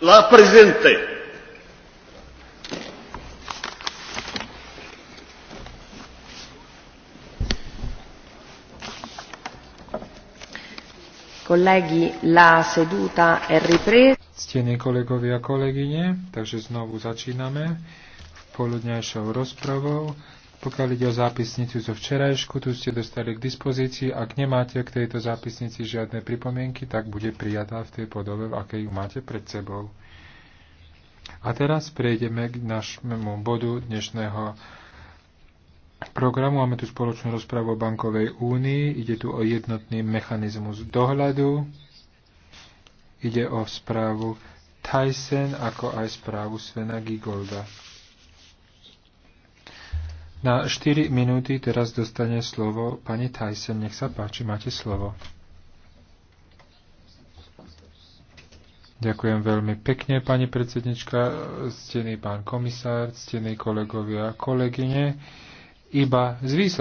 La Presidente. Kolegi, la seduta è ripresa. Stene kolegovi a kolegyne, takže znovu začíname poludňajšou rozpravou. Pokiaľ ide o zápisnicu zo včerajšku, tu ste dostali k dispozícii. Ak nemáte k tejto zápisnici žiadne pripomienky, tak bude prijatá v tej podobe, v akej ju máte pred sebou. A teraz prejdeme k našemu bodu dnešného programu. Máme tu spoločnú rozpravu o bankovej únii. Ide tu o jednotný mechanizmus dohľadu. Ide o správu Tyson, ako aj správu Svena Gigolda. Na 4 minúty teraz dostane slovo pani Tyson. Nech sa páči, máte slovo. Ďakujem veľmi pekne, pani predsednička, stený pán komisár, stený kolegovia a kolegyne. Iba z